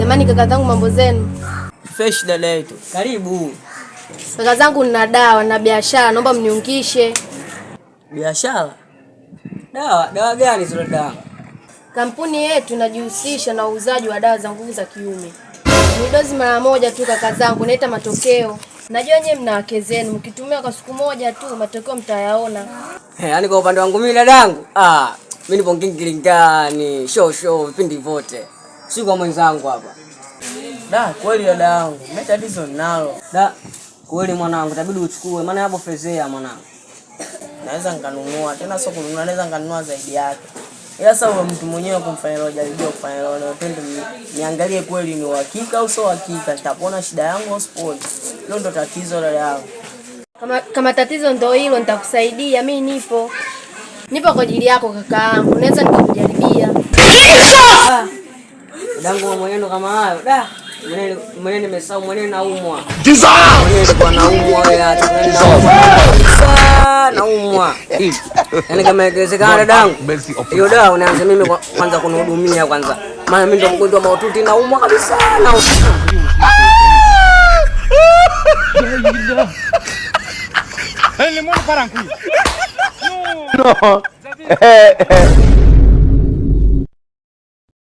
Jamani kaka zangu, mambo zenu fresh? Dada yetu karibu. Kaka zangu, nina dawa na biashara, naomba mniungishe. Biashara? Dawa? Dawa gani zile dawa? Kampuni yetu inajihusisha na uuzaji wa dawa za nguvu za kiume. Ni dozi mara moja tu kaka zangu, naita matokeo. Najua nyewe mna wake zenu, mkitumia kwa siku moja tu matokeo mtayaona. Hey, eh, yaani kwa upande wangu mimi dadangu, ah, mimi nipo ngingilingani, show show vipindi vyote. Si kwa mwenzangu hapa. Da, kweli dadangu, mimi tatizo ninalo. Da, kweli mwanangu, itabidi uchukue maana hapo fezea mwanangu. Naweza nikanunua, tena sio kununua, naweza nikanunua zaidi yake. Sasa uwe mtu mwenyewe kumfanya leo, jaribia kufanya leo na upendo, niangalie kweli ni uhakika au sio uhakika, nitapona shida yangu au siponi. Hilo ndo tatizo la yao. Kama, kama tatizo ndo hilo, nitakusaidia mimi, nipo nipo kwa ajili yako kaka yangu, naweza nikakujaribia ah. dangu mwenendo kama hayo da mwenene nimesahau mwenene naumwa. Giza! Mwenene kwa naumwa ya naumwa. Yaani kama ikiwezekana dadangu, hiyo dawa unaanza mimi kwanza kunihudumia kwanza. Maana mimi ndo mgonjwa mahututi naumwa kabisa na